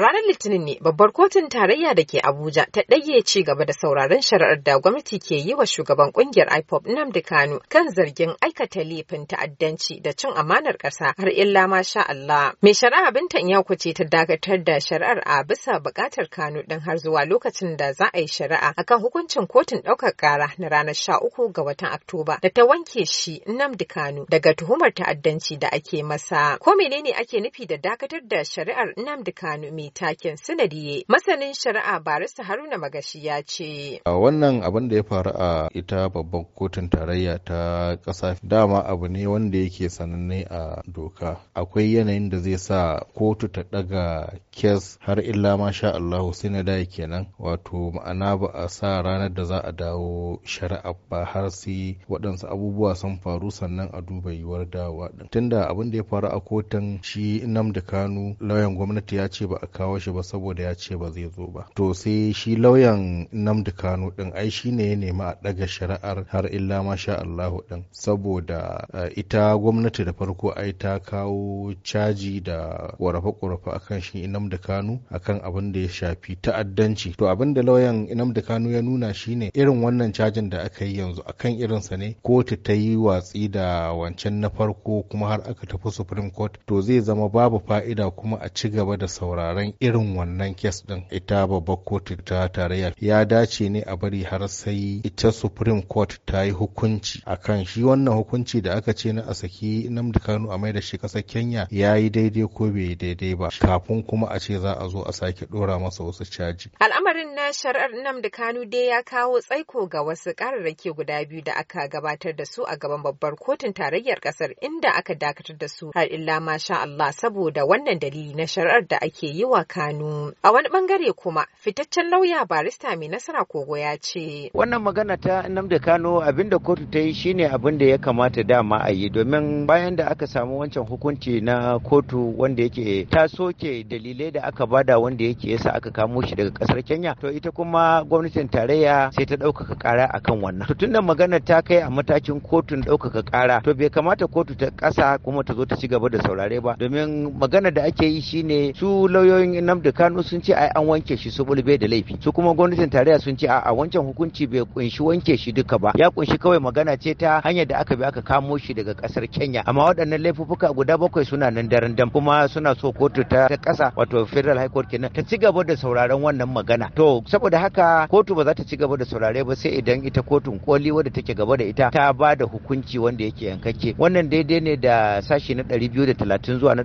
ranar Litinin ne babbar kotun tarayya da ke Abuja ta ɗage ci gaba da sauraron shari'ar da gwamnati ke yi wa shugaban kungiyar IPOP Nnamdi Kanu kan zargin aikata laifin ta'addanci da cin amanar ƙasa har illa ma sha Allah. Mai shari'a Binta Nyako ce ta dakatar da shari'ar a bisa buƙatar Kanu ɗin har zuwa lokacin da za a yi shari'a akan hukuncin kotun ɗaukar ƙara na ranar sha uku ga watan Oktoba da ta wanke shi Nnamdi Kanu daga tuhumar ta'addanci da ake masa. Ko menene ake nufi da dakatar da shari'ar Nnamdi Kanu mai takin taken sanadiye masanin shari'a barista haruna magashi ya ce a wannan abin da ya faru a ita babban kotun tarayya ta ƙasa dama abu ne wanda yake sananne a doka akwai yanayin da zai sa kotu ta daga kes har illa Masha sha Allah sai na da kenan wato ma'ana ba a sa ranar da za a dawo shari'a ba har sai waɗansu abubuwa sun faru sannan a duba yiwuwar dawa? din tunda abin da ya faru a kotun shi Nnamdi Kanu lauyan gwamnati ya ce ba a kawo shi ba saboda ya ce ba zai zo ba to sai shi lauyan namdi kano din ai shi ne ya nemi a daga shari'ar har illa masha allahu din saboda eh, ita gwamnati da farko ai ta kawo caji da ƙorafe-ƙorafe akan shi namdi kano akan abin da ya shafi ta'addanci to abin da lauyan namdi kano ya nuna shi ne, irin wannan cajin da aka yi yanzu akan irinsa ne kotu ta yi watsi da wancan na farko kuma har aka tafi supreme court to zai zama babu fa'ida kuma a ci gaba da sauraron sauraron irin wannan kes ɗin, ita babbar kotu ta tarayya ya dace ne a bari har sai ita supreme court ta yi hukunci akan shi wannan hukunci da aka ce na a saki namdi kanu a mai da shi kasar kenya ya yi daidai ko bai yi daidai ba kafin kuma a ce za a zo a sake ɗora masa wasu caji al'amarin na shari'ar namdi kanu dai ya kawo tsaiko ga wasu kararraki guda biyu da aka gabatar da su a gaban babbar kotun tarayyar ƙasar, inda aka dakatar da su har illa masha Allah saboda wannan dalili na shari'ar da ake yi wa kano A wani bangare kuma fitaccen lauya barista mai nasara kogo ya ce. Wannan magana ta Nnamdi Kano abinda kotu ta yi shine abin da ya kamata dama a yi domin bayan da aka samu wancan hukunci na kotu wanda yake ta soke dalilai da aka bada wanda yake yasa aka kamo shi daga kasar Kenya to ita kuma gwamnatin tarayya sai ta ɗaukaka ƙara akan wannan. To tunda magana ta kai a matakin kotun ɗaukaka ƙara to bai kamata kotu ta ƙasa kuma ta zo ta ci gaba da saurare ba domin magana da ake yi shine su lauyoyi lauyoyin Nnamdi Kanu sun ce ai an wanke shi su bulbe da laifi su kuma gwamnatin tarayya sun ce a wancan hukunci bai kunshi wanke shi duka ba ya kunshi kawai magana ce ta hanyar da aka bi aka kamo shi daga kasar Kenya amma waɗannan laifuffuka guda bakwai suna nan daren dam kuma suna so kotu ta kasa wato Federal High Court kenan ta ci gaba da sauraron wannan magana to saboda haka kotu ba za ta ci gaba da saurare ba sai idan ita kotun koli wadda take gaba da ita ta ba da hukunci wanda yake yankakke wannan daidai ne da sashi na 230 zuwa na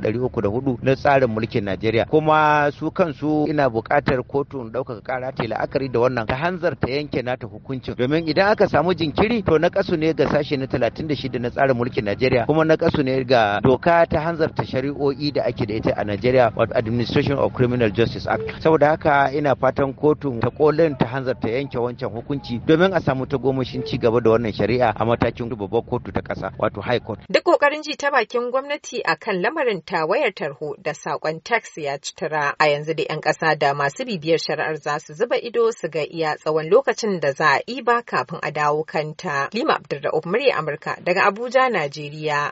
hudu na tsarin mulkin Najeriya kuma su kansu ina buƙatar kotun ɗaukaka ƙara ta la'akari da wannan ta hanzarta yanke nata hukuncin domin idan aka samu jinkiri to na kasu ne ga sashe na talatin da shida na tsarin mulkin Najeriya kuma na kasu ne ga doka ta hanzarta shari'o'i da ake da ita a Najeriya wato Administration of Criminal Justice Act saboda haka ina fatan kotun ta kolin ta hanzarta yanke wancan hukunci domin a samu ta gomashin ci gaba da wannan shari'a a matakin babbar kotu ta ƙasa wato High Court duk kokarin ji ta bakin gwamnati akan lamarin ta wayar tarho da sakon tax ya ci tara shari'a a yanzu da 'yan ƙasa da masu bibiyar shari'ar za su zuba ido su ga iya tsawon lokacin da za a iba kafin a dawo kanta lima Abdullahi murya amurka daga abuja najeriya